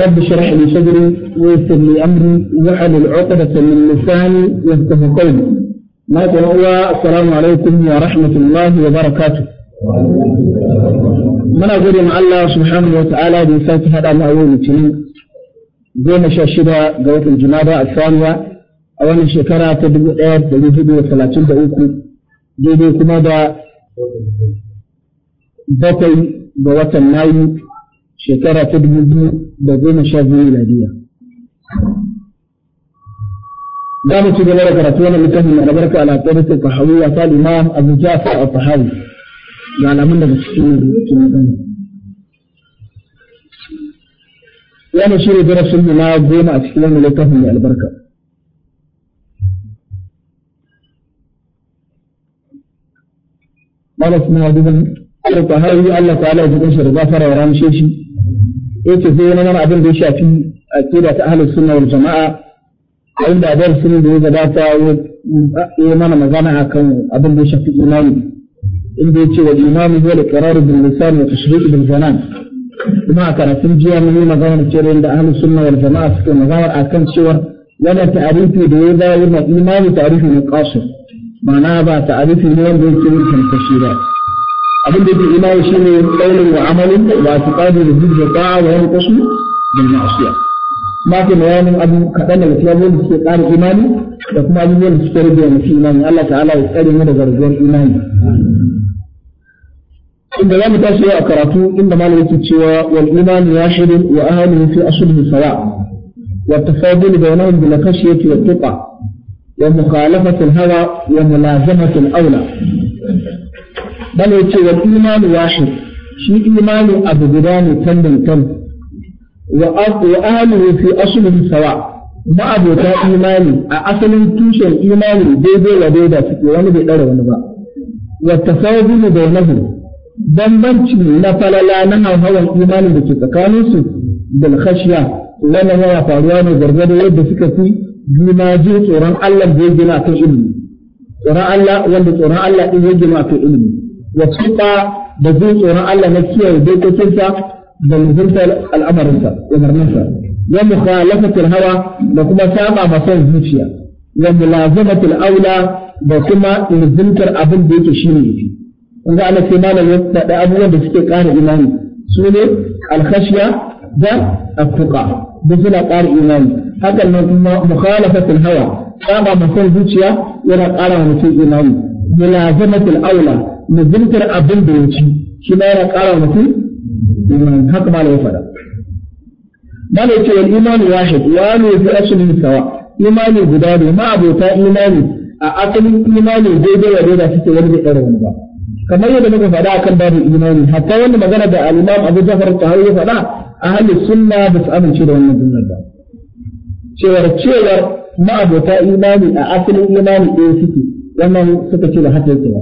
رب شرح لي صدري ويسر لي أمري وحل العقدة من لساني يفقه قلبي ما تقول السلام عليكم يا رحمة الله وبركاته من أقول إن الله سبحانه وتعالى بنسات هذا ما هو متنين دون شاشدة قوت الجمادة الثانية أولا شكرا تدبو إير تدبو ثلاثين دعوكم جيبوكم هذا بطل بوطن مايو شكرا تدبو بدون شافي ميلادية قالوا كده لا ركعتين اللي كان من ربك على طريق الطحوي وقال الإمام أبو جعفر الطحوي قال من ده بسكين وأنا شير درس الماء بين أسلام لكهم على البركة ما رسمه هذا الطهاري الله تعالى جدا شر غفر ورام شيشي yake zai wani mana abin da ya shafi akida ta ahlus sunna wal jama'a a inda abin sun da ya gabata ya mana magana akan abin da ya shafi imani inda ya ce wal imani huwa al-iqrar bil lisan wa tashriq bil janan kuma a karatun jiya mun yi magana cewa inda ahlus sunna wal jama'a suke magana akan cewa wannan ta'arifi da ya bayar na imani ta'arifi ne qasir ma'ana ba ta'arifi ne wanda yake yin tantashi ba abin da yake imani shine qaulun wa amalin wa i'tiqadu da zuciya ta'a wa yanqusu bil ma'siyah ma ke bayanin abu kaɗan daga cikin abubuwan da suke ƙara imani da kuma abubuwan da suke rage mutum imani Allah ta'ala ya tsare mu daga rabuwar imani inda za mu tashi a karatu inda malam yake cewa wal imanu wahidun wa ahlihi fi aslihi sawa wa tafadul bainahum bil khashyati wat tuqa wa mukhalafati al hawa wa mulazamati al awla bane yace wal imanu wahid shi imani abu guda ne kan dankan wa wa ahlihi fi aslihi sawa ma'abota imani a asalin tushen imani daidai wa daida suke wani bai dara wani ba wa tasawwuru bainahum bambanci na falala na hauhawan imani da ke tsakaninsu bil khashiya wannan yana faruwa ne gargado yadda suka fi jimaji tsoron Allah da ya gina kan ilimi tsoron Allah wanda tsoron Allah din ya gina kan ilimi ya tuba da jin tsoron Allah na kiyaye dokokinsa da nufinta al'amarinsa umarninsa wa mukhalafatul hawa da kuma saba masan zuciya wa mulazamatul aula da kuma nufintar abin da yake shine yafi kun ga Allah sai abubuwan da suke ƙara imani su ne alkhashiya da attuqa duk suna ƙara imani hakan zuciya yana ƙara wa mutum imani aula naziltar abin da ya ci shi ma yana ƙara mutum iman haka ma ya faɗa mana yace wal imanu wahid wa ne fi aslin sawa imani guda ne ma abota imani a asalin imani daidai wa daidai suke wani da irin ba kamar yadda muka faɗa akan babu imani hatta wanda magana da al-imam Abu Ja'far Tahawi ya faɗa A ahlus sunna ba su amince da wannan dunnar ba cewar cewar ma'abota imani a asalin imani ɗaya suke wannan suka ce da haka yake ba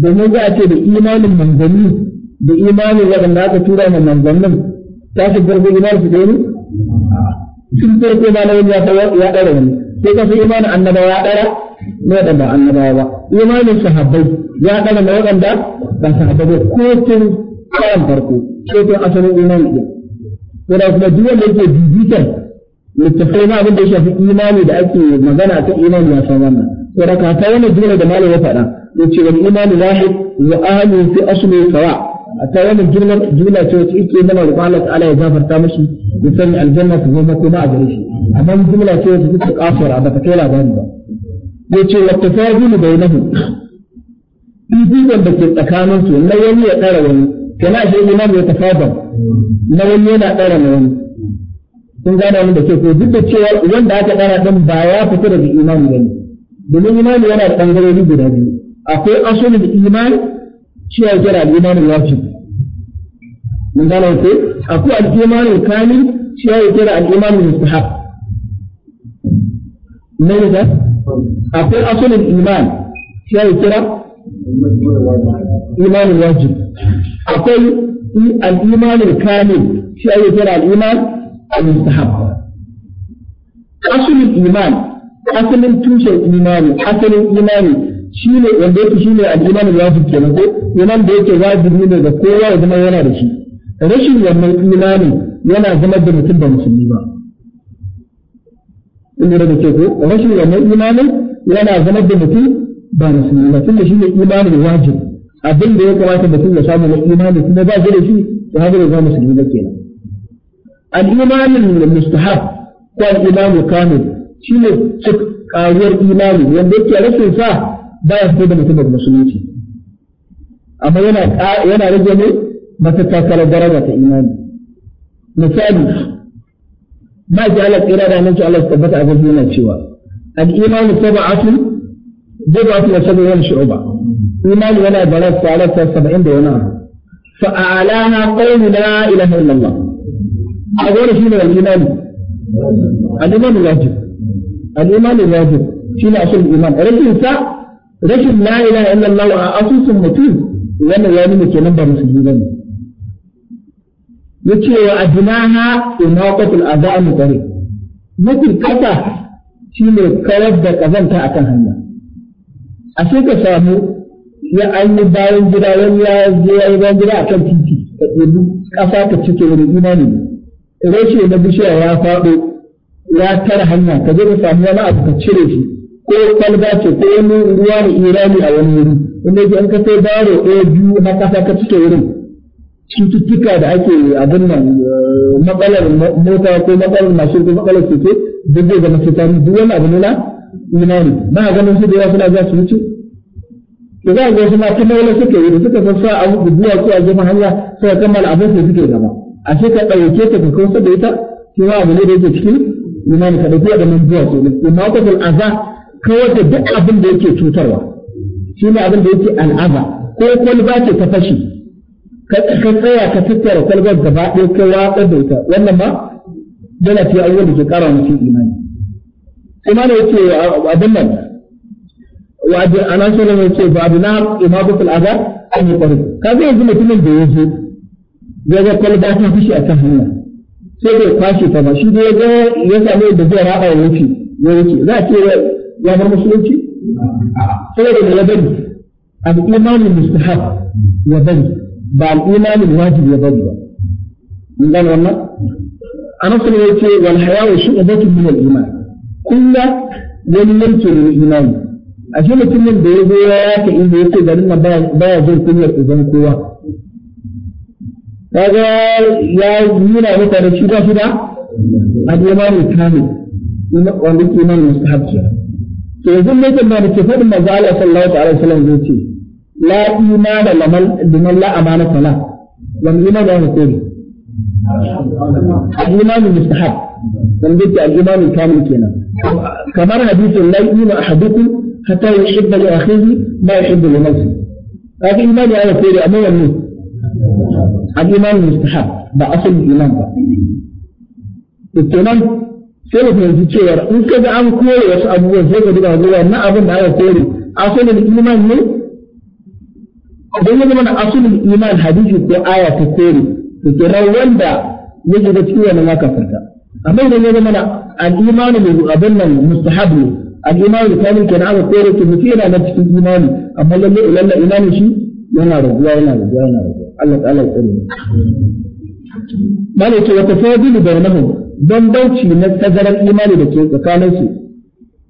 domin za a ce da imanin manzanni da imanin waɗanda aka tura ma manzannin tashi farko imanin su ɗaya ne sun farko ma na wani ya ɗara wani sai ka fi imanin annaba ya ɗara na waɗanda annabawa ba imanin sahabbai ya ɗara na waɗanda ba sahabbai ba ko tun kayan farko ko tun asalin imanin ɗin. Wanda kuma duk wanda yake bibitan littattafai na abin da ya shafi imani da ake magana kan imani ya san wannan. وركعتين الجملة دمال وفرا يتي والإيمان واحد وآل في أصل سواء أتوان الجملة جملة توتيكي من الله على جافر تامشي يسمي الجنة وهم كما أدريش أما الجملة توتيكي آخر أبا تكيلا باندا يتي والتفاضل بينهم بيبيبن da ke tsakaninsu na wani ya tsara wani kana shi imam ya tafadar na wani yana tsara na wani sun gane wani da ke ko duk da cewa wanda aka tsara din ba ya fita daga imam ne domin imani yana da ɓangarori guda biyu akwai asulul iman shi ya kira al-iman wajib mun gane ko akwai al-iman kamil shi ya kira al-iman mustahab ne da akwai asulul iman shi ya kira iman wajib akwai al-iman kamil shi ya kira al-iman al-mustahab asulul iman asalin tushen imani asalin imani shi ne wanda yake shi ne al'imanin fi kenan ko iman da yake wajibi ne ga kowa ya zama yana da shi rashin wannan imani yana zama da mutum da musulmi ba in da ke ko rashin wannan imani yana zama da mutum ba musulmi ba tunda shi ne imanin wajib abin da ya kamata mutum ya samu na imani kuma ba zai da shi ya haka da zama musulmi ba kenan al-imanul mustahab ko al kamil shine kariyar imani wanda yake rashin sa baya fito da mutum daga musulunci amma yana yana rage ne mata takalar daraja ta imani misali ma ji Allah tsira da nan Allah ya tabbata a gaban yana cewa al-imanu sab'atu bid'atu wa sab'un shu'ba imani yana da rassa rassa 70 da yana. abu fa a'laha qawlu la ilaha illallah a gore shine al-imani al-imani wajib al-iman wajib shi ne asul iman rashin sa rashin la ilaha a asusun mutum wannan ya nuna kenan ba musulmi bane yace wa adnaha inaqatul adha'a min tariq mafi kasa shine kawar da kazanta akan hanya ashe ka samu ya an bayan gida wani ya je ya yi bayan titi ka ka cike wani imani ne rashe na bishiya ya faɗo ya tara hanya ka je ka samu wani abu ka cire shi ko kwalba ce ko wani ruwa ne irani a wani wuri inda yake an ka sai baro ko biyu na kasa ka cike wurin cututtuka da ake abin nan eh, matsalar mota ko matsalar mashin ko matsalar keke duk zai zama cutar duk wani abu ne na imani ba ganin su da yawa suna za su wuce da za a ga wasu mata maula suke yi da suka sa a muku duwa ko a zama hanya suka kammala abin da suke gaba a sai ka ɗauke ta ka kawar da ita shi abu ne da yake cikin imani ka dauki wadannan zuwa ke nan imma ka fil aza kawai da duk abin da yake cutarwa shi ne abin da yake al'aza ko kwalba ce ta fashi ka tsaya ka tattara kwalbar gaba ɗaya ka watsar da ita wannan ma yana ce abubuwan da ke ƙara mutum imani imani yake abin nan wa anan sallallahu alaihi wasallam yake ba bina imamu fil aza an yi ƙwarin ka zai yanzu mutumin da ya zo ya ga kwalba ta fashi a kan hanya sai bai kwashe ta ba shi ne ga ya samu da zai raba ya wuce ya wuce za ce ya bar musulunci saboda da ya bari al-imanin mustahab ya bari ba al-imanin wajibi ya bari ba mun gane wannan anas ne yace wal haya'u shu'batun min al-iman kullu wani yanke ne imani a shi mutumin da ya zo ya yaka inda yake garin nan baya jin kunyar uban kowa kaga ya nuna mutane shi ba shi da al'imani kamil wanda ke nan mustahab ke to yanzu ne kan da ke faɗin manzo Allah sallallahu alaihi wasallam zai ce la imana lamal liman la amana fala wani imani ya hukumi al'imani mustahab wanda ke al'imani kamil kenan kamar hadisin la imana ahadukum hatta yuhibba li akhihi ma yuhibbu li nafsihi kaga imani ya hukumi amma wannan al mustahab ba asalin iman ba kenan sai mu fahimci cewa in ka an kore wasu abubuwan sai ka duba ga wannan abin da aka kore asalin iman ne idan ya zama na asalin iman hadisi ko aya ta kore to kenan wanda ya shiga cikin ya kafarta amma idan ya zama na al-iman ne abin mustahab ne al-iman kamil kenan aka kore to mutum yana na cikin imani amma lalle lalle imani shi yana raguwa yana raguwa yana raguwa Allah ta'ala ya tsare malaka wa tafadilu bainahum bambanci na tazarar imani da ke tsakanin su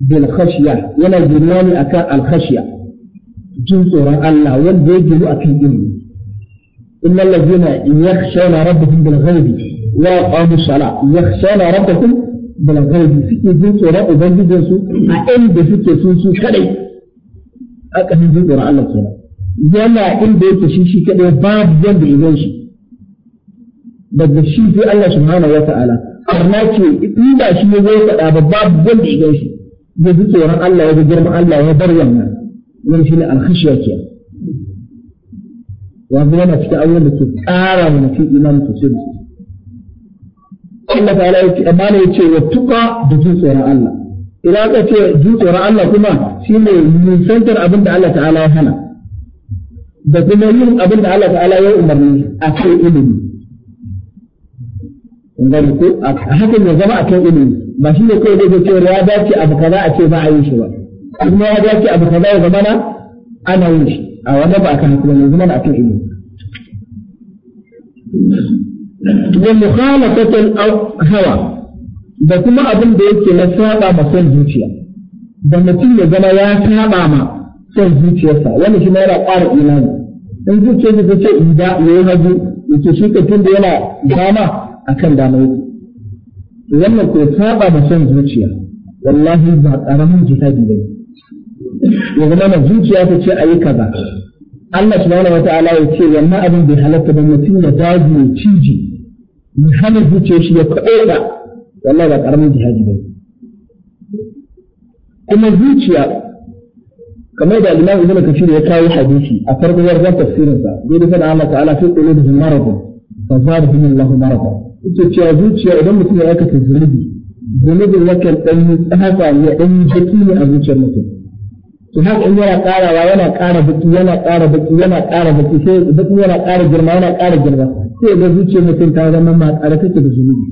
bil khashiya yana ginuwa ne akan al khashiya jin tsoron Allah wanda ya jiru akan ilimi إن الذين يخشون ربهم بالغيب وأقاموا الصلاة يخشون ربهم بالغيب في إذن سورة suke جنسو أين بفكي سوسو كري أكهن ذكر الله سورة yana inda yake shi shi kadai babu yanda ya shi daga shi sai Allah subhanahu wa ta'ala amma ce in ba shi ne zai faɗa ba babu wanda ya shi ya ji tsoron Allah ya ji girman Allah ya bar wannan wani shi ne alkhashiya ke yanzu yana cikin abubuwan da ke ƙara wa mutum imanin sosai da sosai Allah ta'ala ya ce amma ne ya ce wa tuka da jin tsoron Allah idan aka ce jin tsoron Allah kuma shi ne nisantar abin da Allah ta'ala ya hana da kuma yin abin da Allah ta'ala ya umarni a kan ilimi gani ko a hakan ya zama a kan ilimi ba shi ne kawai da cewa ya dace abu kaza a ce ba a yi shi ba kuma ya dace abu kaza ya zama na ana yin shi a wanda ba a kan hakuri ne zama a kan ilimi wa mukhalafatul hawa da kuma abin da yake na saba ma son zuciya da mutum ya zama ya saba ma kan zuciyarsa wani shi ma yana ƙara imani in zuciyarsa ta ce in da ya yi hagu yake shi kafin da yana dama a kan dama yake wannan ko saba da son zuciya wallahi ba ƙaramin jihadi ba ne ya zama na zuciya ta ce a yi kaza Allah subhanahu wa ta'ala ya ce wannan abin bai halatta ba mutum ya daji ya ciji ya hana zuciyar shi ya kaɗo ba wallahi ba ƙaramin jihadi ba kuma zuciya kamar da Imam Ibn Kathir ya kawo hadisi a farko farkon yarda tafsirin sa dai da Allah ta'ala fi qulubihim marad fa zadahum Allah marad yake cewa zuciya idan mutum ya aikata zunubi zunubin yakan dan yi tsafa ne dan yi ne a zuciyar mutum to haka in yana karawa yana kara baki yana kara baki yana kara baki sai baki yana kara girma yana kara girma sai ga zuciyar mutum ta zama ma tsare take da zunubi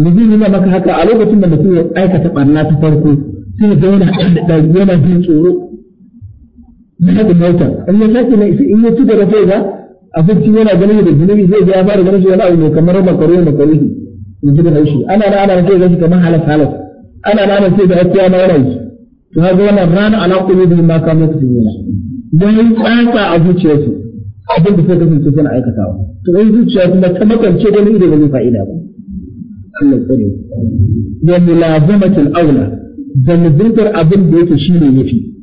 Mijin yana maka haka a lokacin da mutum ya aikata barna ta farko sai ga yana yana jin tsoro na haka nautan an ya sake na in ya da gaba sai ga abinci yana ganin da zunubi zai ya fara ganin shi wani abu mai kamar makaro da makarihi in ji da haushi ana na ana sai shi kamar halas halas ana na ana sai da akiya na yana yi to haka wannan rana ala qulubihim ma kanu yaksubuna dan yi tsatsa a zuciyarsu abin da sai kasance suna aikatawa to in zuciya kuma ta makance ganin da zai fa'ida ba Allah tsare ya mulazamatul aula da nubutar abin da yake shine yafi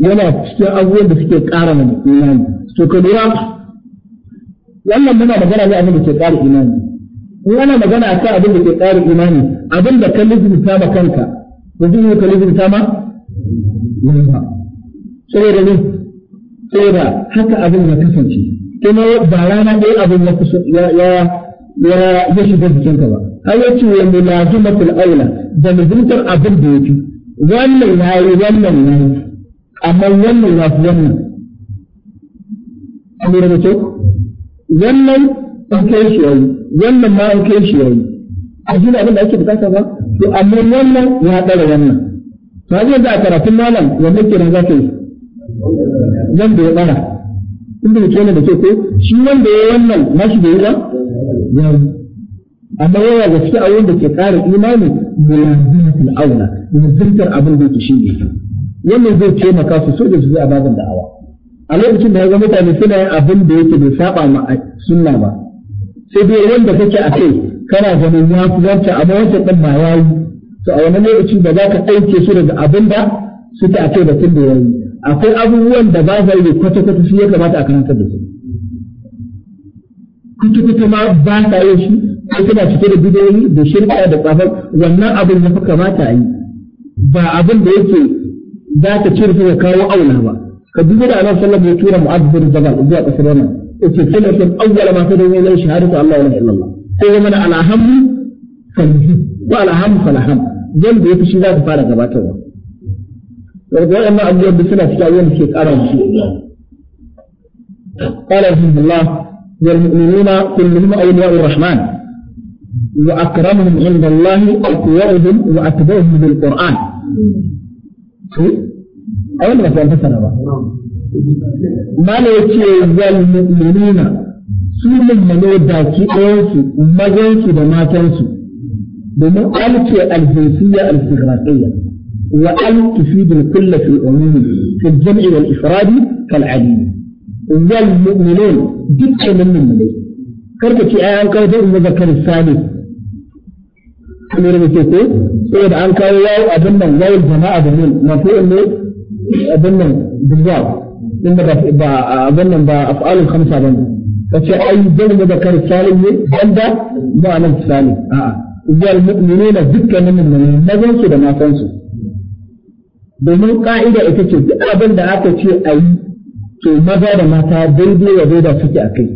yana cikin abubuwan da suke ƙara mana imani to ka lura wannan muna magana ne abin da ke ƙara imani in ana magana a kan abin da ke ƙara imani abin da ka lizinta ma kanka yanzu yi ka lizinta ma lamba saboda ne saboda haka abin ya kasance kuma ba rana ɗaya abin ya kusa ya ya ya shiga jikinka ba ai yace wa mulazimatul aula da lizintar abin da ya yake wannan yi wannan yi. amma wannan ya fi wannan an lura da wannan an kai shi yayi wannan ma an kai shi yayi a shi abin da ake bukata ba to amma wannan ya dara wannan to a da a karatun malam wanda kenan za ka yi zan da ya ɗara in da ke da ke ko shi wanda ya wannan shi da ya ba ya yi amma yawa gaske a wanda ke ƙara imani da lazimtul aula da zantar abin da ke shi ne wannan zai taimaka su so da su a babin da'awa a lokacin da ya zama mutane suna yin abin da yake bai saba ma sunna ba sai dai wanda kake a kai kana ganin ya fi wancan amma wancan ɗin ba ya yi to a wani lokaci ba za ka ɗauke su daga abin da suke a kai batun da ya yi akwai abubuwan da ba za yi kwata-kwata shi ya kamata a karanta da su kwata-kwata ma ba ta yi shi sai tana cike da bidiyoyi da shirka da tsafar wannan abin ya fi kamata a yi ba abin da yake za ta cirfi ya kawo aula ba ka duba da annabi sallallahu alaihi wasallam ya tura mu'adh bin jabal zuwa kasar wannan yace sallallahu awwal ma tadu ila shahadatu allah la ilaha illallah ko mana ala hamdu falhi wa ala hamdu falham dan da yafi shi za ta fara gabatarwa daga wannan abubuwan da suna cikin abubuwan da ke kara musu قال رحمه الله والمؤمنون كلهم أولياء الرحمن وأكرمهم عند الله أقوهم وأتبعهم بالقرآن a wannan ba sana ba mana yace wal mu'minuna su da baki ɗayansu mazansu da matansu domin alke aljinsiyya alfiraqiyya wa al tufidu kulla fi umumi fi jam'i wal ifradi kal alim wal mu'minun dukkanin mummune karka ce ayan kawo da umma zakar salis kamar da ke ko saboda an kawo yawo abin nan yawon jama'a da nan na ko ne abin nan bizar inda ba abin nan ba af'alul khamsa ba ne kace ai ne da kar salim ne banda ma'anar salim a'a zal mu'minina dukkanin mu'minin mazan su da matan su domin ka'ida ita ce duk abin da aka ce a yi to maza da mata daidai wa da suke a kai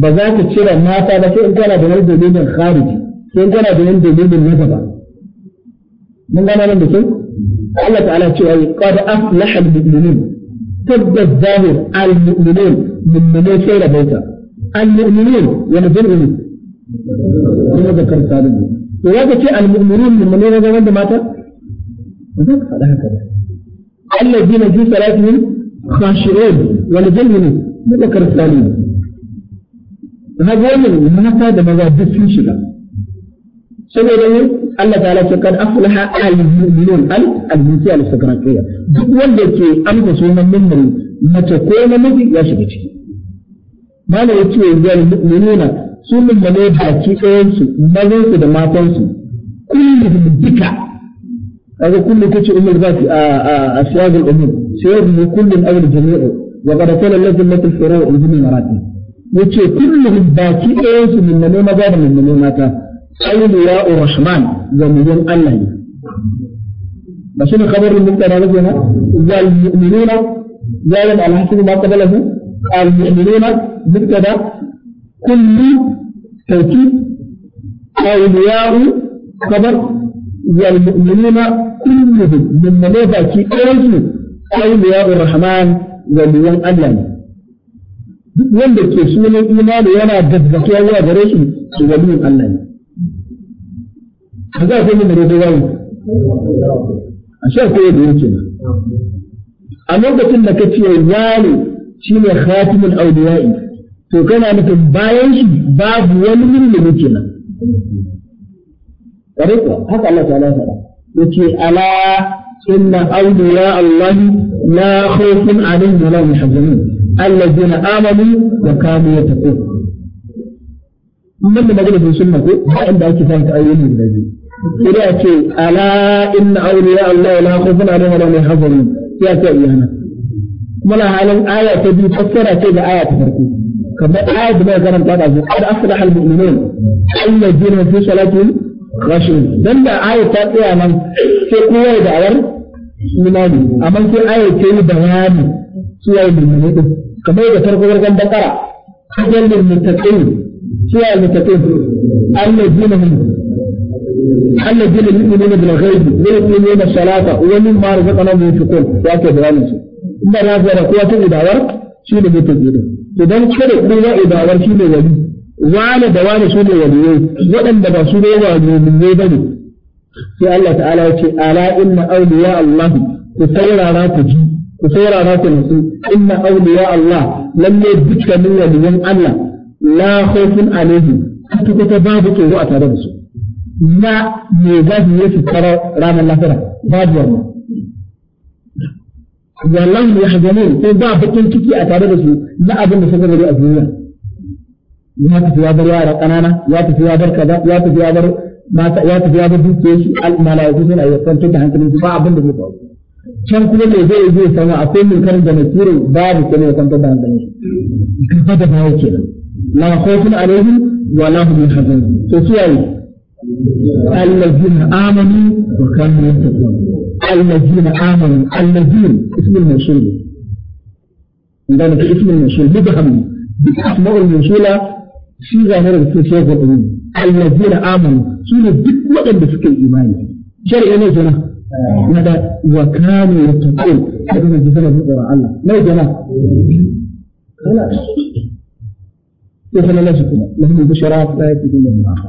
ba za ka cire mata ba sai in kana da wani dalilin kharij sai kana da wanda dalilin na gaba mun gana nan da kyau Allah ta'ala cewa qad aflaha al-mu'minun tabbas zahir al-mu'minun mu'minai sai da baita al-mu'minun wani jami'i kuma da karta da to ya ce al-mu'minun mu'minai ne zaman da mata ba za ka faɗa haka ba الذين في صلاتهم خاشعون ولجنهم ذكر الصالحين هذا من هذا ما وجدت في شغل saboda ne Allah ta lafi kan aflaha al-mu'minun al al-jinsi al-istiqraqiyya duk wanda ke amsa sunan mummuni mace ko namiji ya shiga ciki malam yace wal mu'minuna su mummune baki ɗayan su mazan su da matan su kulluhum dika kaga kullu kace ummul zati a aswaq al-umur sayyid kullu al-ajr jami'u wa qad qala allazi latil furu' al-jami'u marati yace kullu baki ɗayan su mummune maza da mummune mata awliya Rahman waliyan Allah ne ba shi ne kabarin mutane ba kenan zalim ma qabalahu al-mu'minuna mubtada kullu tawkid awliya zal mu'minuna min awliya Allah duk wanda ke sunan imani yana gaggatuwa zuwa gare su su ka za a kai mimbari ko babu a sha koyi da yake a lokacin da ka ce wani shi ne khatimul auliya'i to kana nufin bayan shi babu wani mulmi kenan kare ko haka Allah ta lafa yace ala inna awliya Allah la khawfun alaihim wa la hum yahzanun alladhina amanu wa kanu yattaqun nan da magana sun sunna ko ba inda ake fanta ayoyin da biyu sai ce ala inna auliya Allah la khawfun alaihim wa la hum yahzanun ya ce iyana kuma la halin aya ta biyu tsara ce da aya ta farko kamar aya da zan karanta da zuwa da aflaha almu'minun alladhina fi salatihim khashi'un dan da aya ta tsaya nan sai kowa da awar imani amma sai aya ce ni bayani suwaye mu'minin kamar da farko gargan bakara kajan lil muttaqin suwaye muttaqin alladhina الذين يؤمنون بالغيب ويقيمون الصلاة ومما رزقناهم ينفقون وأكل بغانمسوا إن هذا قوة إدارة شيء لم يتجد إذن كل قوة إدارة شيء ولي وعلى دوام سنة وليين وأن دبا سنة وليين بني في الله تعالى يقول ألا إن أولياء الله كثيرا لا تجي كثيرا لا تنسي إن أولياء الله لم يدك من وليين الله لا خوف عليهم كنت كتبابك وأتى ربسوا na me za su yi su tsara ranar lafiya babu wannan wallahu ya hajjamin ko ba bakin ciki a tare da su na abin da suka gari a duniya ya tafi ya bar yara ƙanana, ya tafi ya bar kaza ya tafi ya bar mata ya tafi ya bar dukiyar shi al suna yi kwanci da hankalin su ba abin da zai faru can kuma me zai zai sama akwai mun karin da na nasiru babu kuma ya kwantar da hankalin shi gaba da bawo kenan la khawfun alaihim wa la hum yahzanun to yayi. الذين آمنوا وكانوا ينتقون الذين آمنوا الذين اسم الموصول عندنا في اسم الموصول مبهم بأسماء الموصولة صيغة غير بصيغة الأمم الذين آمنوا سنة بك وقت بفك الإيمان شرع نزلة ماذا وكانوا يتقون هذا ما جزنا من قراء الله ما جنا خلاص يخلى الله سبحانه لهم البشرات لا يكون من آخر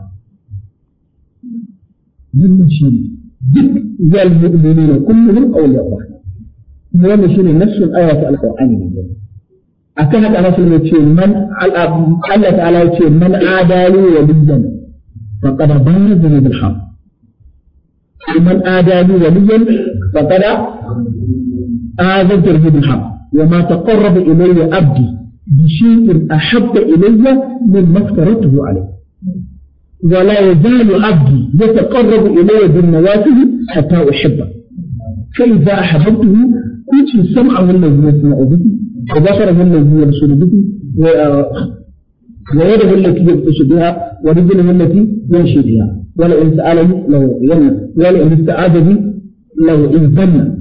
من شيء جد المؤمنين كلهم أو الله ما مشين نفس الآية على القرآن الجميل على أنا في من ألف على المتين من عادالي وبدن فقد بان ذنوب الحق من آدالي وليا فقد آذن ترهيب بالحق وما تقرب إلي أبدي بشيء أحب إلي مما افترضته عليه ولا يزال عبدي يتقرب إلي بالنوافل حتى أحبه فإذا أحببته كنت السمع والذي يسمع به وبصره الذي يبصر به ويده التي يبطش بها ورجله التي يمشي بها ولئن سألني لأعطينه ولئن استعاذ بي انزلنا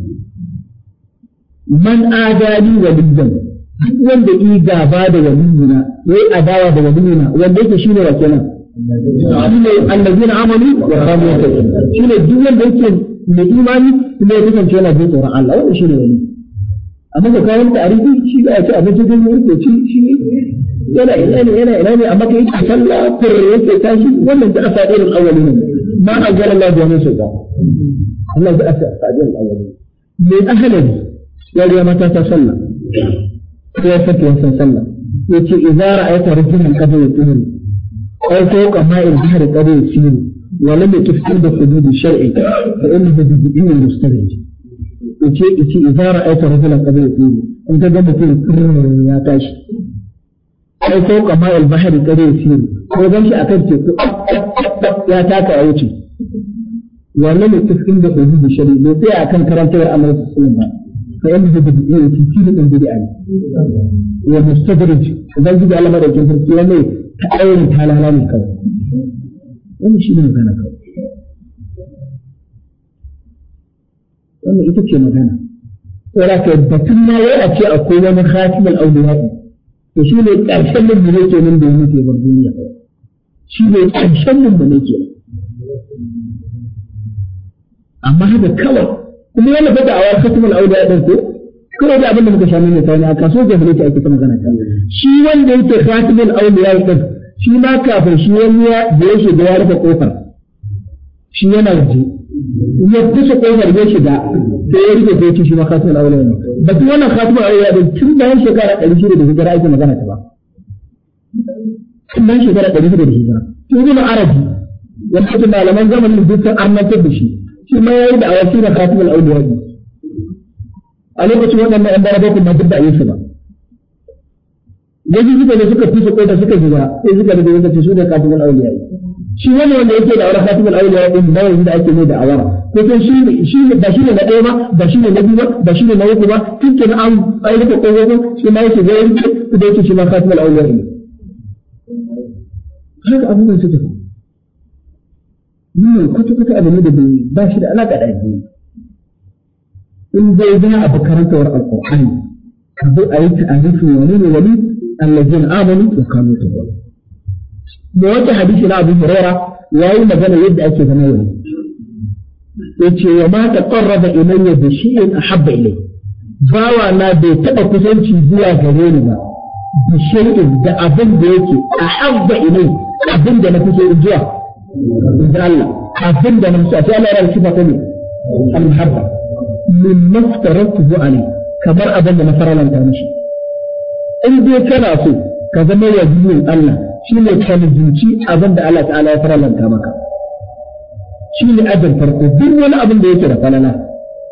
من آذاني وليا duk wanda yi gaba da waliyina ya yi adawa da waliyina wanda yake shine annabiyina amanu wa kanu yattaqun ne duk wanda yake mai imani kuma ya kasance yana jin tsoron Allah wannan ne wani amma ka kawo tarihi shi da ake abinci da yake ci shi yana ina ne yana ina ne amma kai ka sallah kurre yake tashi wannan da asadirul awwalin ma ajjala Allah bi min sulta Allah da asadirul awwalin mai ahalabi yariya mata ta sallah ko ya fatuwa san sallah yace idza ra'aita rajulan qad yutuhu أو فوق ماء البحر قد يسير ولم يقف عند حدود الشرع فإنه بجزئي مستدرج yace yace idan ra'aita rajulan qad yusiri in ka ga mutum kirrin ya tashi ai ko al bahri qad yusiri ko dan shi akan teku ya taka a wuce wannan ne cikin da hudu shari'a bai tsaya akan karantar annabi sallallahu alaihi فيلحق بكثير من البدعان ومستدرج وذلك على مدى الجنة القيامة تعاون تعالى على الكون ومش من كان كون وما إتك مدانا ولكن بطلنا يأتي أقوى من خاتم الأولياء وشيل الأحسن من بنيته من بنيته والدنيا شيل الأحسن من بنيته أما هذا كوي kuma yana fa da awar katumul auda din ko kuma da abin da muka shamu ne tani a kaso jahilci ake ta magana ta shi wanda yake khatimul auliya din shi ma kafin shi wani ya da ya shiga ya rufe kofar shi yana waje ya kusa kofar ya shiga da ya rufe ko ci shi ma khatimul auliya ne ba kuma wannan khatimul auliya da tun bayan shekara 600 da hijira ake magana ta ba tun bayan shekara shi da hijira ibn arabi wanda malaman zamanin dukkan annabta da shi shi ma yi da awaki na khatibul ne a lokacin waɗannan an bara bakwai ma duk da ayyuka ba gaji suka ne suka fi su kai da suka shiga sai suka rage suka ce su ne da khatibul ne shi wani wanda yake da awar khatibul awliya din ba wanda ake mai da awara ko kan shi shi ba shi ne na ɗaya ba ba shi ne na biyu ba ba shi ne na uku ba kike na an ai da kokogo shi ma yake ga yake da yake shi ma khatibul awliya ne haka abubuwan suka wannan kwata-kwata abu ne da bai ba shi da alaƙa da addini in zai zama abu karantawar alƙur'ani ka zo a yi ta'arifin wani ne wani allazin amanu wa kanu ta gwal da wata hadisi na abu hurera ya yi magana yadda ake zama wani ya ce wa ma ta ƙarraba ilayya da shi'in a habba ilai bawa na bai taɓa kusanci zuwa gare ni ba da shi'in da abin da yake a habba ilai abin da na kusa in zuwa in Allah abin da nan sai Allah ya sifa ta ne al-mahabba min maftaratuhu alai kamar abin da na faralanta mishi in dai kana so ka zama yazimin Allah shine ka nuzuci abin da Allah ta'ala ya faralanta maka shine abin farko duk wani abin da yake da falala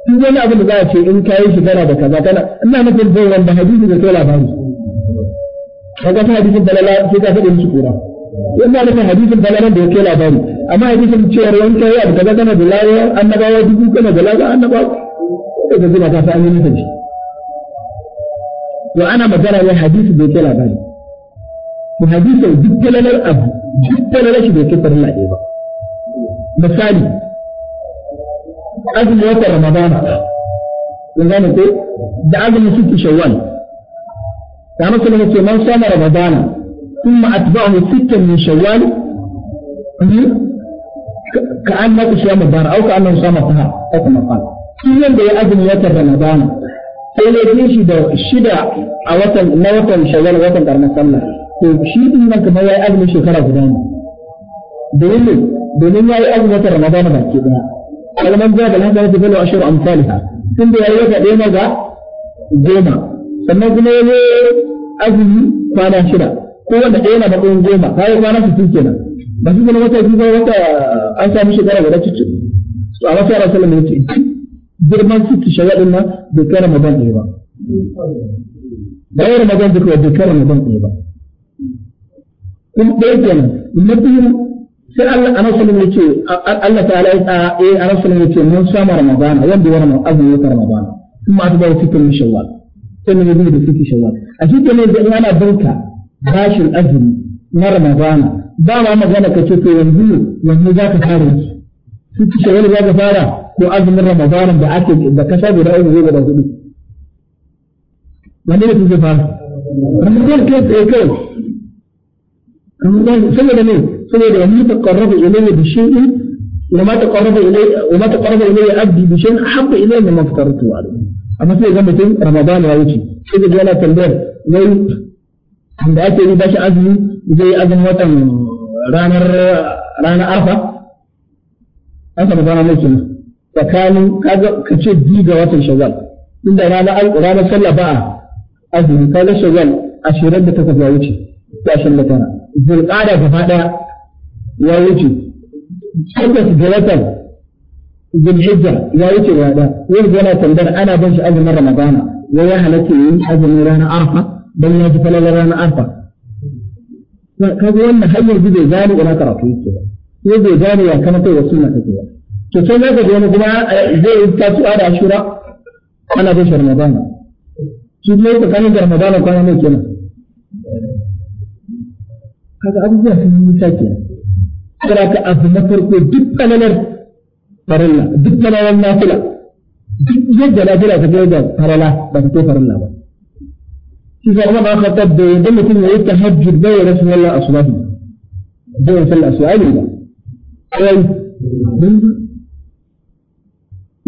duk wani abin da za a ce in ka yi shi kana da kaza kana ina nufin zai wanda hadisi da kai labari kaga ta hadisin balala sai ka faɗi musu kura yana nufin hadisin falalan da ya kai labari amma hadisin cewar wanka ya abu kaza kana da laya annabawa dubu kana da laya annabawa da zuba ka sa an yi mutunci to ana magana ne hadisi da ya kai labari to hadisin duk falalar abu duk falalar shi da ya kai farilla ɗaya ba misali azumin watan ramadana kun gane ko da azumin suke shawwal da haka ne ce man sama ramadana ثم أتبعه ستا من شوال كأنه صيام دار أو كأنه صام طهر أو كما قال كيان بي أذن يتر رمضان سيلي بيشي دو الشدع أوتن نوتن شوال وتن دار مصلى to shi din nan kamar yayi azumin shekara guda ne dalilin domin yayi azumin wata ramadan baki daya kalman zaga lan da tafi ashar amsalha tunda yayi wata daya ga goma sannan azumi kwana shida kowanne ɗaya na bakwai goma yi kwanan sittin kenan ba su zama wata biyu wata an samu shekara guda cikin to a masu yara sallama ce girman su shagadin nan bai kai ramadan ɗaya ba ba yi ramadan duka bai kai ramadan ɗaya ba kuma ɗaya kenan na biyu sai Allah a nasu ne ce Allah ta ala ta eh a nasu ne ce mun samu Ramadan wanda wannan azumi ya Ramadan kuma aka ba fitin shawwal sai ne yi da fitin shawwal a shi ne da ana bauta. باش الأجل ما رمضان با رمضان كتوكي ينزل ينزل ذاك الحارج ستة شغل ذاك فارا هو أجل من رمضان بأكل إذا كتاب رأيه هو بدأ ذلك ما نيرت ذاك فارا رمضان كيف إيكل رمضان سنة دمي سنة دمي تقرب إليه بشيء وما تقرب إليه وما تقرب إليه أبدي بشيء أحب إليه مما افترضت عليه أما في غمتين رمضان da ake yi bashi azumi zai azumi watan ranar ranar arfa an samu kwana mai kenan tsakanin kaga ka ce biyu ga watan shawwal inda ranar sallah ba a azumi ka kaga shawwal ashirin da takwas ya wuce da shi da tara zulqada gaba daya ya wuce tabbas ga watan zulhijja ya wuce gaba daya wani yana tambayar ana bin shi azumin ramadana wai ya halatta yin azumin ranar arfa dan ya ji falalar rana arfa kaga wannan hanyar bi bai gane ina karatu yake ba sai bai gane ya kamata wa sunna take ba to sai zaka ga wani kuma zai tasu da ashura ana bin ramadan shi ne tsakanin ramadan kwana ne kenan kaga abubuwa sun yi nisa kenan kira ka abu na farko duk falalar farilla duk falalar nafila duk yadda nafila ka ga da farala ba ta farilla ba إذا ما خطب بين إلا كنا يتهجد بين رسم الله أصلاته بين في الأسوأل إذا أول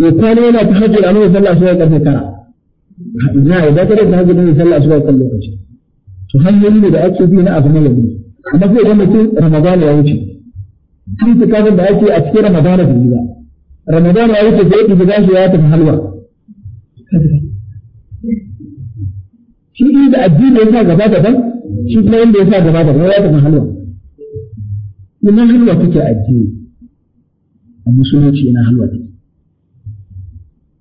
يقال ولا إيه تهجد أنه في الأسوأل قد كان لا إذا كان يتهجد أنه في الأسوأل قد كان تهجد إذا أكسو فينا أفنى يبين أما في رمضان رمضان يوجد كنت كافر بأيكي أكثر رمضان في الإذا رمضان يوجد زيت إذا كان شوية في الحلوة إيه؟ shi ɗin da addini ya sa gaba daban shi kuma yadda ya sa gaba daban ya zama halwa ina halwa take addini a musulunci ina halwa take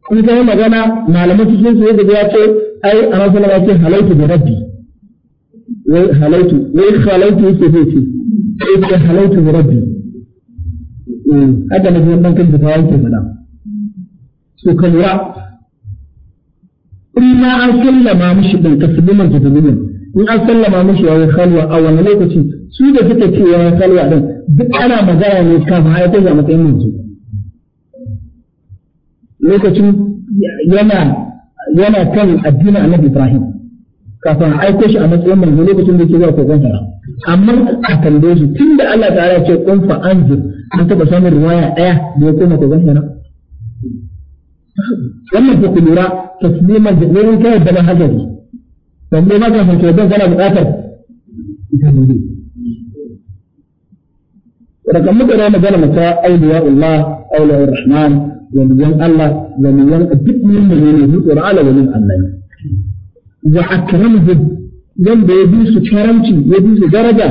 Kun ka magana malaman cikin su yadda ya ce ai a masana ya ce halaitu da rabbi wai halaitu wai halaitu yake zai ce sai ce halaitu da rabbi eh, haka na fi wannan kan da ta yanke mana so kan Ina ma an sallama mishi din tasliman ta tasliman in an sallama mishi yayi kalwa a wani lokaci su da suka ce yayi khalwa dan duk ana magana ne kafin ai kai ga matsayin manzo lokacin yana yana kan addinin Annabi Ibrahim kafin aiko shi a matsayin manzo lokacin da yake zuwa kogon Hira amma a tambaye shi da Allah ta'ala ya ce kun fa anzir an taba samun ruwaya daya da ya koma kogon Hira wannan ta kulura tasliman da wurin kai da mahajari dan ne maka fa dan kana buƙatar ita ne daga muka da magana mata auliya Allah auliya Rahman waliyan Allah waliyan duk mun ne ne mutu ala wani Allah wa akramuhu wanda ya bi su ya bi su daraja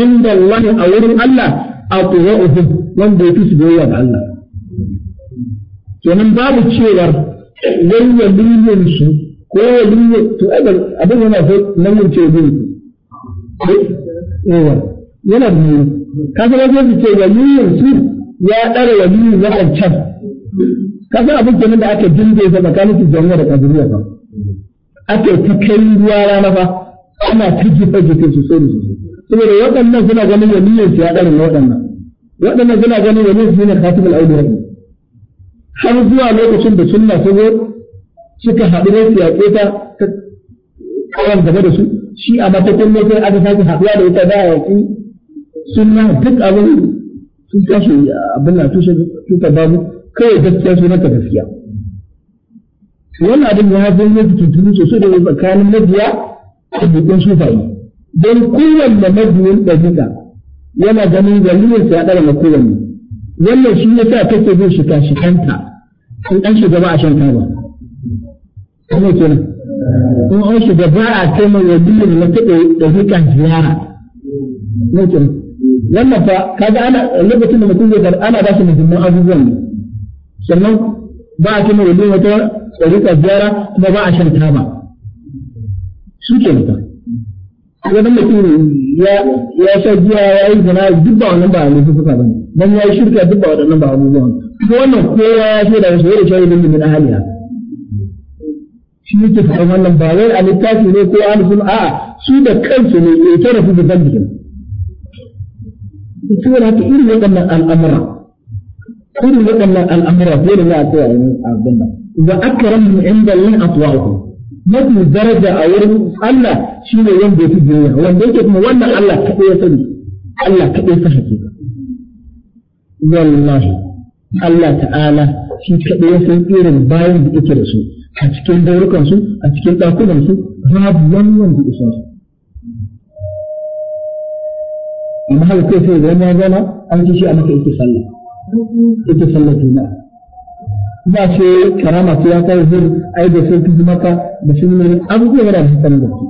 inda Allah a wurin Allah a tuwa'uhu wanda ya fi su goyya da Allah kenan babu cewar wai waliyin su ko waliyin to abin yana so nan mun ce waliyin yawa eh, eh, yana da ne ka san zai ce waliyin su ya dara waliyin na can ka san abin kenan da aka dinge sa tsakanin su jami'a da kaduriya fa aka ta kai ruwa rana fa ana ta jifa jifa so da Kuma saboda waɗannan suna ganin waliyin su ya dara waɗannan waɗannan suna ganin waliyin su ne khatimul har zuwa lokacin da sunna ta zo suka haɗu ne su yaƙe ta kawai gaba da su shi a matakin lokacin sai aka sake haɗuwa da ita da yaƙi sunna duk abin sun kashe abin na tushe tuka babu kawai gaskiya suna ta gaskiya wannan abin ya haifar ne su tuntuni sosai da tsakanin mabiya da bukin sufayi don kowanne mabiyin ɗabi'a yana ganin zalilin sa ya ɗara kowanne wannan shi yasa kake bin shi kashi kanta in an shiga ba a shan taba kuma kenan in an shiga ba a kai mai wadiyin ta kaɗe ɗabiƙan ziyara ne kenan wannan fa kaga ana lokacin da mutum zai ana ba shi muhimman abubuwan ne sannan ba a kai mai wadiyin wata ɗabiƙan ziyara kuma ba a shan taba su ke mutum wani mutum ya sha giya ya yi zina duk ba wannan ba a nufi suka ba ne dan yi shirka duk ba waɗannan ba abubuwan kuma wannan kowa ya shaida wasu wani shahidin min ahliya shi yake faɗan wannan ba wai a littafi ne ko a sun a'a su da kansu ne ya eh, tara su da zambin saboda haka irin waɗannan al'amura irin waɗannan al'amura dole ne a tsaya a ganna wa akramu inda lin atwa'uhum mafi daraja a wurin Allah shi ne wanda ya fi duniya wanda yake kuma wannan Allah kaɗai ya sani Allah kaɗai sa hakika wallahi Allah ta'ala shi kaɗai ya san irin bayan da yake da su a cikin daurukansu a cikin ɗakunansu babu wani wanda isa su amma haka kai sai zama zama an ji shi a maka yake sallah ita sallah juma'a ba ce karama ce ya kai zai ai da sai tuji maka da shi ne abubuwa yana da sanin da su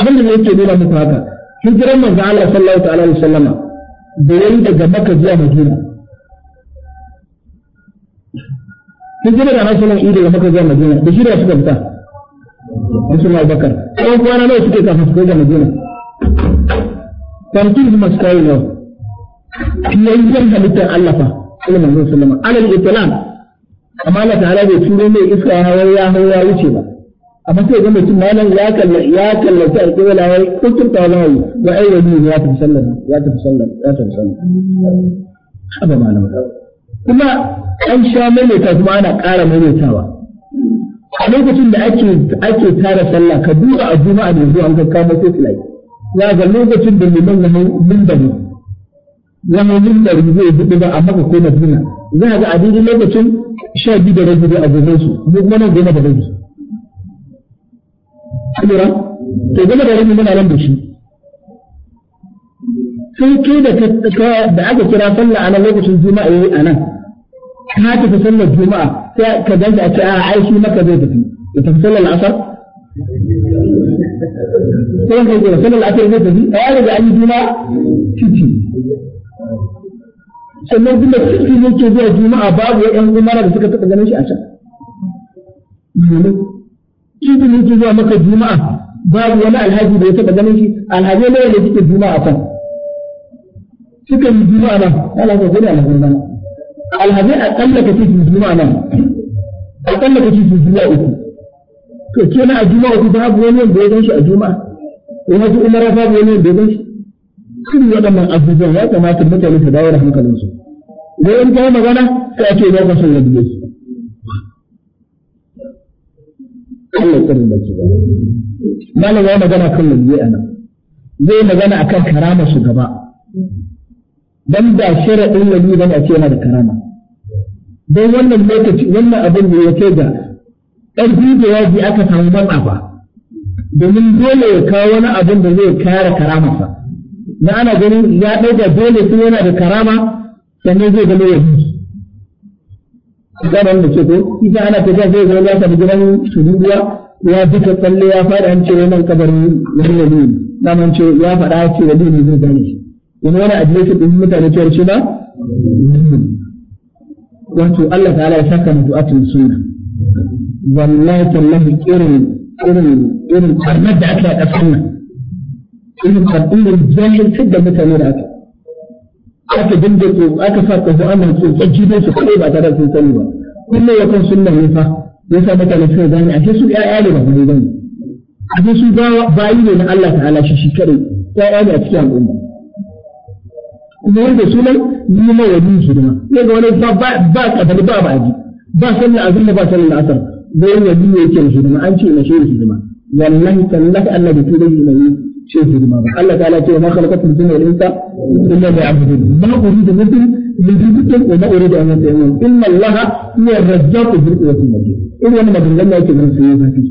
abin da yake nuna muku haka hijiran manzo Allah sallallahu ta'ala Wa wasallama da daga maka zuwa Madina hijira da nasu nan daga maka zuwa Madina da shi da suka fita Musu na Abubakar ko kwana nawa suke kafin su kai ga Madina tantin masu kai nawa fiyayyen halittar Allah fa sallallahu alaihi wasallam alal itlam amma Allah halar bai turo mai iska hawa ya hawa wuce ba amma sai ga mutum malam ya kalla ya kallaci alƙibla ya kuntun tawalan wa ai wani ya tafi sallar ya tafi sallar ya tafi sallar haba malam kuma an sha maimaita kuma ana ƙara maimaitawa a lokacin da ake ake tara sallah ka duba a juma'a ne zuwa an ga kama sai fulai ya ga lokacin da liman ya hau mimbari ya da mimbari zai buɗe ba amma ka koma duniya za a ga a daidai lokacin sha biyu da rabi da abokansu duk mana goma da rabi kudura to game da rabi muna nan da shi sai kai da da aka kira sallah a nan lokacin juma'a yayi a nan ka tafi sallar juma'a sai ka ganta a ce a ai shi maka zai tafi ya tafi sallar asar sai ka gura sallar asar zai tafi a yare da an yi juma'a titi sannan kuma titi ne ke zuwa juma'a babu ya ɗan umara da suka taɓa ganin shi a can idin yake zuwa maka juma'a babu wani alhaji da ya taɓa ganin shi alhaji ne da suke juma'a kan suka yi juma'a nan Allah ka gode alhaji nan alhaji akalla ka ce juma'a nan akalla ka ce juma'a uku to na a juma'a uku babu wani wanda ya ganshi a juma'a wani su umara babu wani wanda ya ganshi irin waɗannan abubuwan ya kamata mutane su dawo da hankalinsu idan in kai magana sai ake yi lokacin da biyu Allah ya da ke malam ya magana kan waliyi a nan zai magana kan karama su gaba. dan da sharaɗin wali bane a ce yana da karama don wannan lokaci wannan abin da ya kai da ƙarfi da yaji aka samu matsa ba domin dole ya kawo wani abin da zai kare karamarsa na ana ganin ya ɗauka dole sun yana da karama sannan zai zama yahudu gane wanda ke ko ita ana tafiya sai ga ya tafi gidan tuduwa ya duka tsalle ya fara an ce wannan kabarin wannan wali na man ce ya fara ce wali ne zai gane wani wani address din mutane cewa shi ba wato Allah ta'ala ya saka mu du'atul sunna wallahi tallahi irin irin irin karnar da aka yi a ƙasar nan irin karnar da zalunci da mutane da aka yi. aka dinga ko aka sa ko ana ko tsaki dai su kai ba tare sun sani ba kuma ya kan sunna ne fa ya sa mutane sai gane a su ya ne ba ne ba a su ba bayi ne na Allah ta'ala shi shi kare ya ne a cikin al'umma kuma wanda sunan ni ma wani hidima sai ga wani ba ba kadar ba ba ji ba sallar azumma ba ne asar da wani ne yake hidima an ce na shi hidima wallahi kallaka Allah bai tura shi ne شيء ما الله تعالى كي ما خلقت الجن والانس الا ليعبدون ما اريد منهم من رزق وما اريد ان يطعمون ان الله هو الرزاق ذو القوه المتين ان وانا ما بنقول الله كبر في ذاتي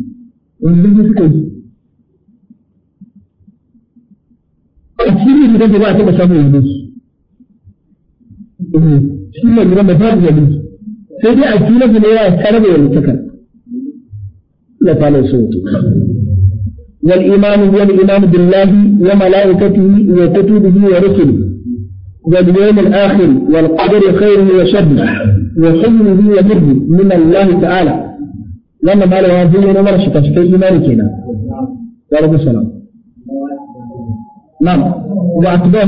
ومن ذي سكوت أكيد إذا جاء تبقى سامي يلبس shi ne gidan da fadi da biki sai dai a kila ne ya tsara da yalutaka la falo sauti والإيمان هو الإيمان بالله وملائكته وكتبه ورسله واليوم الآخر والقدر خيره وشره وحلمه وبره من الله تعالى لما ما له هذه الأمور شكاشك إيمانك هنا يا رب السلام نعم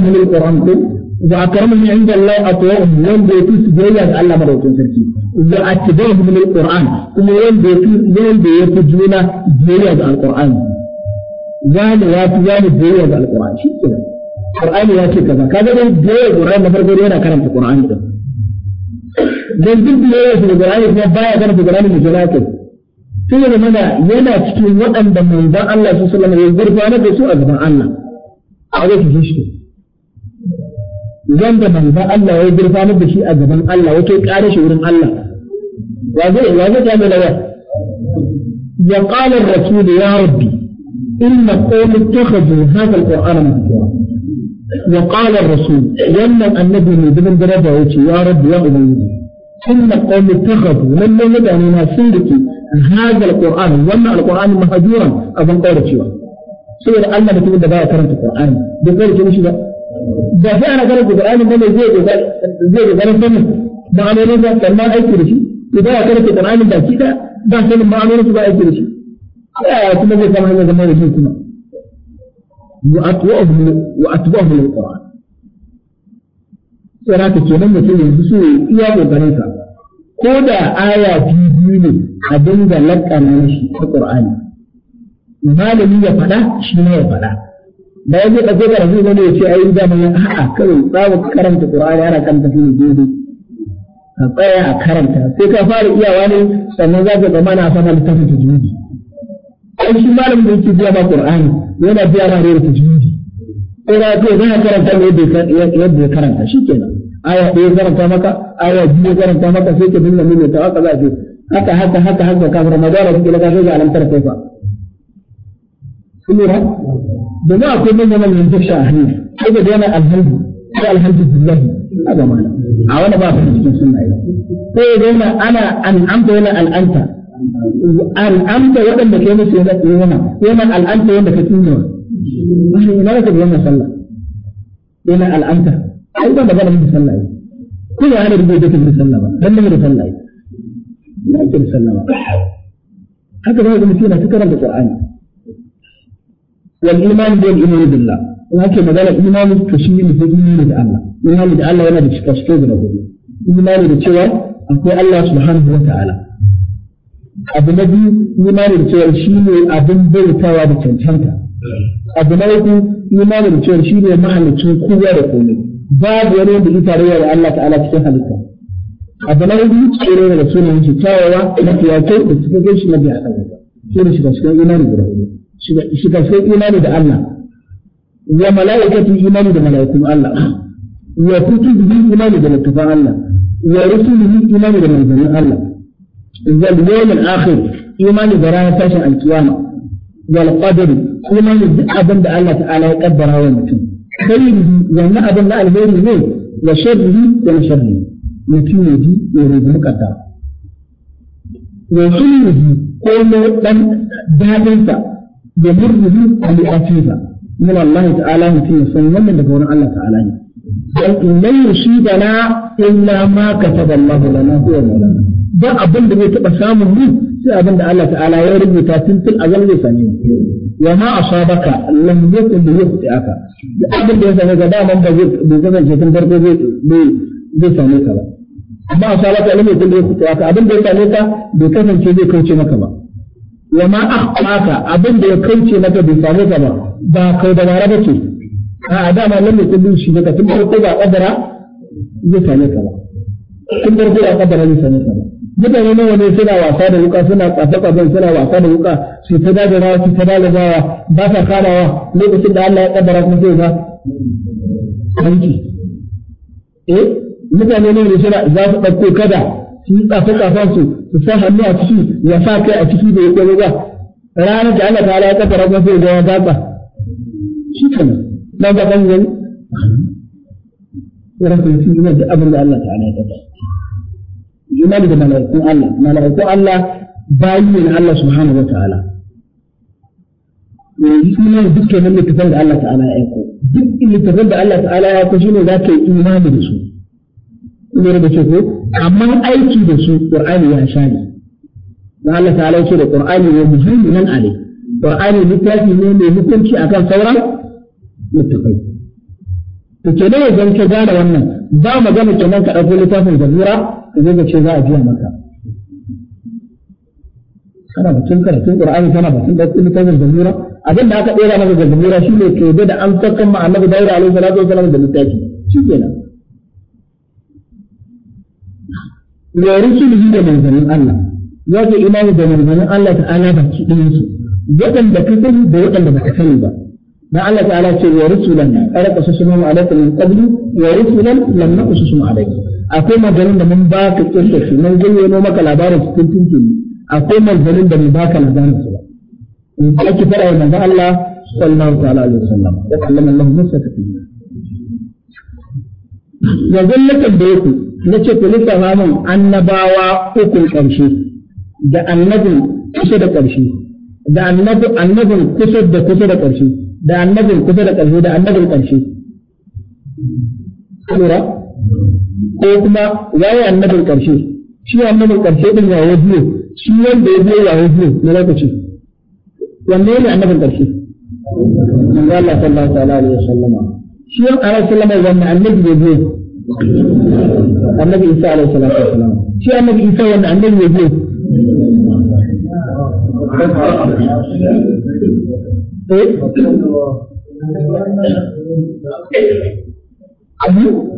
من القرآن كله وأكرمهم عند الله أطوعهم وين بيتوس جوية الله مروتين سركي وأتبعهم من القرآن وين بيتوس وين بيتوس جوية القرآن wani ya fi wani biyayya ga alƙur'ani shi nan qur'ani ya ce kaza kaga dai biyayya qur'ani na farko yana karanta qur'ani da dan duk biyayya ga qur'ani kuma baya karanta qur'ani mu jira kai sai ya zama yana cikin waɗanda manzon Allah su alaihi wasallam zurfa na da su a gaban Allah a wajen shi da manzon Allah ya gurfanar da shi a gaban Allah wato ƙare shi wurin Allah wa zai wa zai ta mai lawa ya qala ar-rasul ya rabbi إن قوم اتخذوا هذا القرآن مهجورا وقال الرسول يلا أن نبني ابن درجة يا رب يا أبيدي إن قوم اتخذوا من يدعى أن سندك هذا القرآن وما القرآن مهجورا أظن قولة شوى سورة الله بتقول ده بقى كرمت القرآن بقولة شوى شو بقى ده كرمت القرآن ما زي ده زي ده أنا فهمت معنى لذا كان ما أكل شيء إذا كانت القرآن ده كده ده فهم معنى لذا أكل شيء kuma zai samu hanyar zama da shi kuma wa atba'ahu lil qur'an ta raka nan mutum yanzu so iya kokarin sa ko da aya biyu ne a dinga lakana shi ta qur'ani malami ya faɗa shi ne ya faɗa da ya zai ɗauko da rasu ne ya ce ai da mun a'a kawai tsawo karanta qur'ani ana karanta shi daidai ka tsaya a karanta sai ka fara iyawa ne sannan za ka zama na fara littafin tajwidi ai shi malam da yake biya ba qur'ani yana biya ma da tajwidi ko da ko zai karanta ne da yadda ya karanta shikenan aya ɗaya karanta maka aya biyu karanta maka sai ka dinga nuna ta haka za ka haka haka haka haka kafin ramadana kuke da kafin alamtar kai fa kun lura da za a kai manyan manyan duk sha'ani sai ka daina alhamdu ko alhamdulillah haka mana a wani ba fa cikin sunna ko daina ana an amta yana al'anta al'amta waɗanda kai musu yana yana yana al'amta wanda ka tsinda wa ina ka ga wannan sallah yana al'amta ai ba magana mun sallah ai ko ya hada rubuce da mun sallah ba dan mun sallah ai na ce sallah ba haka da mutum yana ta karanta qur'ani wal iman bil iman billah in ake magana imani to shi ne da imani da Allah imani da Allah yana da cikakken guda hudu imani da cewa akwai Allah subhanahu wa ta'ala abu na biyu imanin cewar shi ne abin bautawa da cancanta abu na uku imanin cewar shi ne mahallicin kowa da komai babu wani wanda ita tarayya da Allah ta'ala cikin halitta abu na hudu tsoro da sunan shi kyawawa na tiyakai da cikin gaishe na biya ɗaga shi ne shiga cikin imani guda hudu shiga cikin imanin da Allah wa mala'ikatu imani da mala'ikun Allah wa kutubihi imani da littafan Allah wa rusulihi imani da manzannin Allah واليوم الآخر إيمان برانا تاشن القيامة والقدر إيمان أبن الله تعالى يقدر هو المتن خيره وما أبن الله الغير غير وشره وشره mutum ya ji ya rubu mukaddara wa ilmihi ko mo dan dadinsa da murrihi ali afifa min Allah ta'ala mutum ya san wannan daga wurin Allah ta'ala ne in illa ma ba abin da zai taɓa samun mu sai abin da Allah ta'ala ya rubuta tun tun azal zai same mu wa ma asabaka lam yakun bi yukhti'aka abin da ya same ka da man ba zai zama tun farko zai zai same ka ba amma asabaka lam yakun bi yukhti'aka abin da ya same ka bai kasance zai kauce maka ba wa ma akhaka abin da ya kauce maka bai same ka ba ba kai da bara bace a dama lam yakun bi shi ka tun farko ba kadara zai same ka ba tun farko ba kadara zai same ka ba mutane nawa ne suna wasa da wuka suna kafa kafan suna wasa da wuka su ta dada rawa su ta dada rawa ba sa kamawa lokacin da Allah ya kaddara kuma sai ga hanki eh mutane nawa ne suna za su dauko kada su yi kafa kafan su su sa hannu a ciki ya sa kai a ciki da yake ba ranar da Allah ta'ala ya kaddara kuma sai ga gaba shi kan nan gani ya shi da abin da Allah ta'ala ya kaddara Iman da mala'ikun Allah mala'ikun Allah bayi ne Allah subhanahu wa ta'ala eh, ne dukkan nan littafin da Allah ta'ala ya aiko duk littafin da Allah ta'ala ya aiko shine zaka yi imani da su kuma da ce ko amma aiki da su Qur'ani ya shani dan Allah ta'ala ce da Qur'ani ne muhimmin alai Qur'ani littafi ne mai hukunci akan sauran littafai to kenan idan ka gane wannan ba magana nan ka ɗauko littafin zabura ka zo ka ce za a biya maka kana batun karatun qur'ani kana batun ɗauko littafin zabura abinda aka ɗora maka ga zabura shi ne ke da an sakan ma annabi daura alaihi salatu wasallam da littafi shi kenan wa rusulihi da manzanin Allah ya ce imani da manzanin Allah ta'ala ba ɗayan su waɗanda ka sani da waɗanda ba ka sani ba dan Allah ta'ala ce wa rusulan qara qasasun alayka min qablu wa rusulan lam naqsusun alayka akwai maganganun da mun ba ka kirda shi mun zayyano maka labarin su tun tun akwai maganganun da mun ba ka labarin su in ka ki fara wannan da Allah sallallahu ta'ala alaihi wasallam wa kallama Allah Musa taklima yanzu na tambaye ku na ce ku lissafa min annabawa ukun ƙarshe da annabin kusa da ƙarshe da annabin kusa da kusa da ƙarshe da annabin kusa da ƙarshe da annabin ƙarshe Kura? ko kuma yayi annabin ƙarshe shi annabin ƙarshe din yawo biyu shi wanda ya biyo yawo biyu na lokaci wanne ne annabin ƙarshe manzo Allah sallallahu alaihi wa sallama shi an ara sallama wanne annabi ya biyo annabi Isa alaihi salatu wa sallam shi annabi Isa wanne annabi ya biyo abu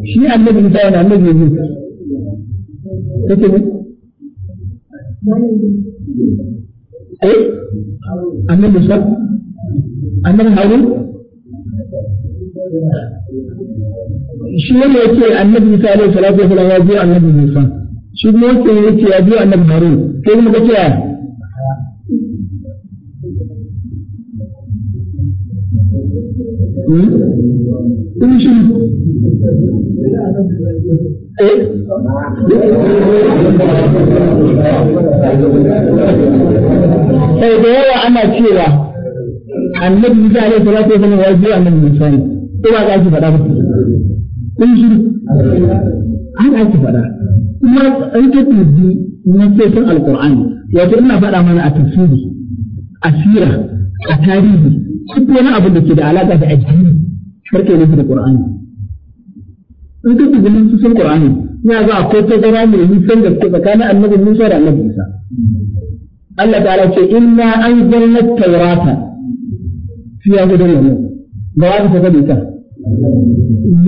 shi annabi Isa yana annabi ne kake ne eh annabi Isa annabi Harun shi ne yake annabi Isa alaihi salatu wa salam ya biyo annabi Musa shi ne yake yake ya biyo annabi Harun kai kuma kace kun shi sai da yawa ana cewa annabi Musa alaihi salatu wa sallam Musa ne ko ba faɗa ba shi faɗa kuma in ka na wato ina faɗa mana a tafsiri a sira a tarihi duk wani abin da ke da alaƙa da addini karka yi da qur'ani in ka dubi nasosin qur'ani ya za akwai zama mai nisan da tsakanin annabi Musa da annabi Isa Allah ta'ala ce inna anzalna at-taurata fiha hudan wa nur ga wani ta gabe ta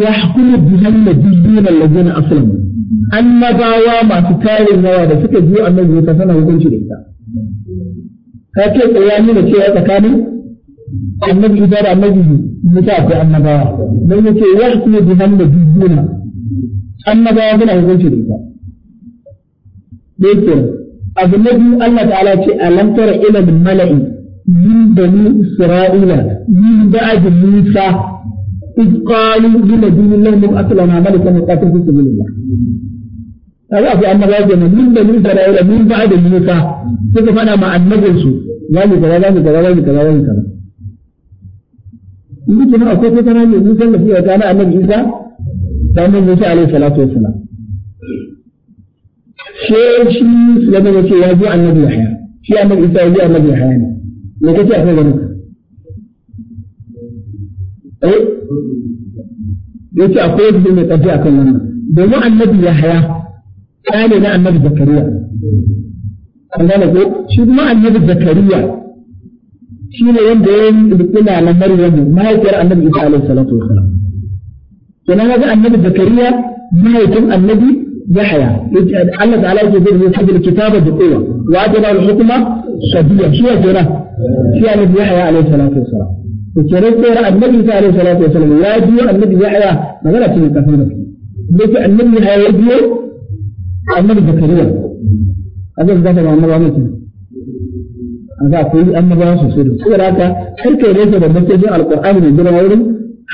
yahkumu biha an-nabiyyin alladhina aslamu annabawa masu tarin yawa da suka biyo annabi Musa sana hukunci da ita ka ce tsaya ne da cewa tsakanin annabi isa da annabi musa akwai annabawa dan yake ya kuma bi hannu biyuna annabawa suna hukunci da ita dai abu Allah ta'ala ce alam tara ila min mala'i min bani isra'ila min ba'd musa إذ قالوا لنبي الله من أسلم ملكا يقاتل في سبيل الله هذا في أن راجعنا من بني إسرائيل من بعد موسى سوف أنا مع النبي ذلك وذلك وذلك وذلك in kuke kuma akwai sai kana mai nisan da fiye annabi Isa da annabi Isa alaihi salatu wassalam she shi sulaiman yace ya ji annabi Yahya shi annabi Isa ya ji annabi Yahya ne me kace akan gani ka eh yace akwai wanda mai kafi akan wannan domin annabi Yahya ɗaya ne na annabi Zakariya an gane ko shi kuma annabi Zakariya شنو ينتهي بكل على مريم ما يقرا النبي عليه الصلاة والسلام كنا هذا النبي زكريا ما يتم النبي يحيى الله على يجزر يصيب الكتابة بقوة وعجب الحكمة شديدة شو يجرى في يعني النبي يحيى عليه الصلاة والسلام وكريت يرى النبي عليه الصلاة والسلام واجب النبي يحيى ما غير في الكفارة لكن النبي يحيى واجب النبي زكريا هذا الزكاة ما هو a za ku yi annabawa sosai da saboda haka karka rage da mutum alqur'ani mai girma wurin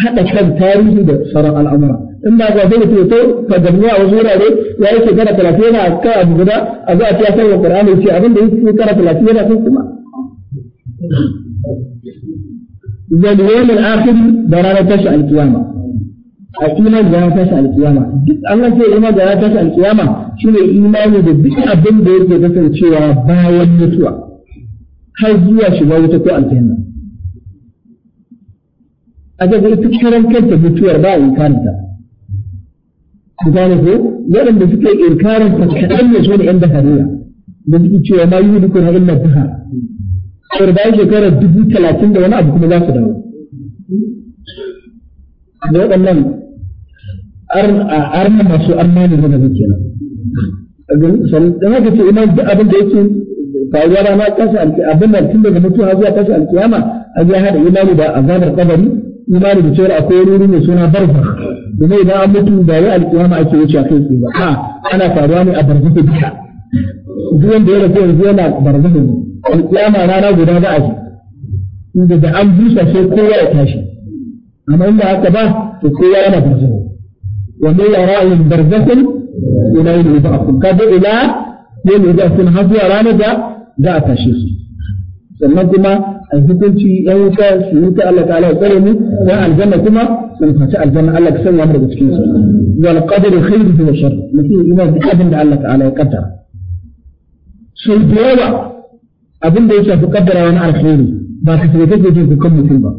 haɗa kan tarihi da sauran al'amura in ba ga sai mutum to fadamuwa a wasu wurare ya yake gara talatin yana kan abu guda a za a ta sai wa qur'ani ce abin da yake gara talatin yana kan kuma zal yawm al akhir da ranar tashi al qiyama a iman da ranar tashi al qiyama duk Allah ke iman da ranar tashi al qiyama shine imani da duk abin da yake kasancewa bayan mutuwa har zuwa shiga wuta ko aljanna a daga ita karan kanta mutuwar ba inkaranta ku gane ko waɗanda suke inkarin ta kaɗan ne su ne 'yan dahariya da suke cewa ma yi hudu kuna illa duha kawai bayan shekarar dubu talatin da wani abu kuma za su dawo da waɗannan arna masu arna ne zana zuke nan da haka ce ina duk abin da yake faruwa rana tashi alki abin nan tun daga mutuwa zuwa tashi alkiyama an ya hada imani da azabar kabari imani da cewa akwai wuri mai suna barza domin idan an mutu ba wai alkiyama ake wuce a kai tsaye ba ana faruwa ne a barza ta duka duk wanda ya rasu yanzu yana barza ta alkiyama rana guda za a ji inda da an busa sai kowa ya tashi amma inda haka ba to kowa yana barza wanda ya ra'ayin barzakun ila yin ibakun kada ila yin ibakun har zuwa ranar da za a tashe su sannan kuma a hukunci yan wuta su wuta Allah ta'ala ya tsare mu wa aljanna kuma sun fata aljanna Allah ka sanya mu daga cikin su wal qadru khairuhu wa sharr mutum ina da abin da Allah ta'ala ya kaddara sai da yawa abin da ya shafi kaddara wani alkhairi ba ka sai kake jin kan mutum ba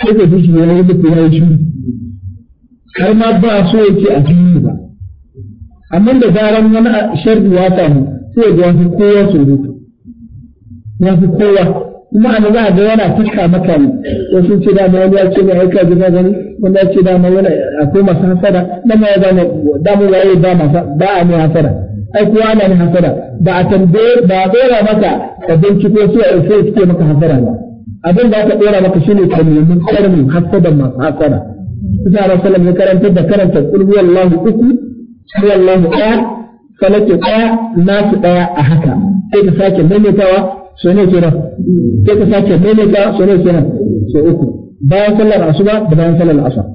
sai ka ji ne ya yi mutum ya yi shi har ma ba so yake a jini ba amma da zaran wani sharri ya samu sai ga yafi kowa surutu yafi kowa kuma a za a ga yana fuska maka ne wasu ce dama wani ya ce mai aika jina gani wani ya ce da dama wani akwai masu hasada dama ya zama damu waye ba masa ba a mai hasada ai kowa ana mai hasada ba a tambaye ba a dora maka ka binciko su a sai suke maka hasada ba abin da aka dora maka shine ka nemi karmin hasadan masu hasada Isa Rasulullah ya karanta da karanta kulhu wallahu uku, kulhu wallahu ɗaya, salatu daya nasu ɗaya a haka sai ka sake maimaitawa so ne kenan sai ka sake maimaitawa, so ne kenan so uku bayan sallar asuba da bayan sallar asar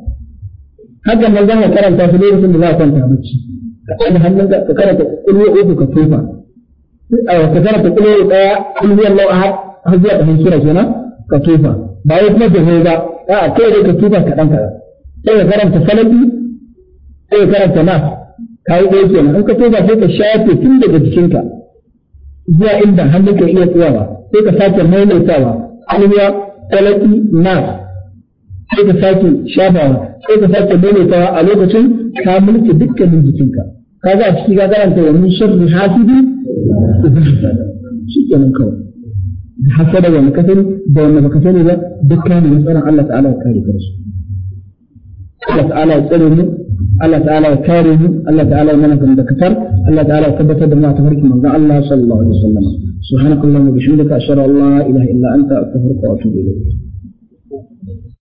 haka nan zan karanta su lokacin da za a kwanta bacci ka ɗaga hannun ka karanta kulwo uku ka tofa ka karanta kulwo daya kulwo Allah ahad har zuwa ɗahin sura kenan ka tofa ba wai kuma jami'ai ba a'a kai dai ka tofa kaɗan kaɗan sai ka karanta salabi sai ka karanta nas ka yi ɗaya kenan in ka tofa sai ka shafe tun daga jikinka zuwa inda hannun ka iya tsayawa sai ka sake maimaitawa alwa talaki na sai ka sake shafawa sai ka sake maimaitawa a lokacin ka mulki dukkanin jikinka ka ga a ciki ka karanta wa min sharri hasidi shi kenan kawai da hasada wani ka sani da wani baka sani ba dukkanin matsalan Allah ta'ala ya kare ka da su Allah ta'ala ya tsare mu الله تعالى كارم الله تعالى منك عندك كفر الله تعالى كبت دمنا تفرك من الله صلى الله عليه وسلم سبحانك اللهم وبحمدك أشهد أن لا إله إلا أنت أستغفرك وأتوب إليك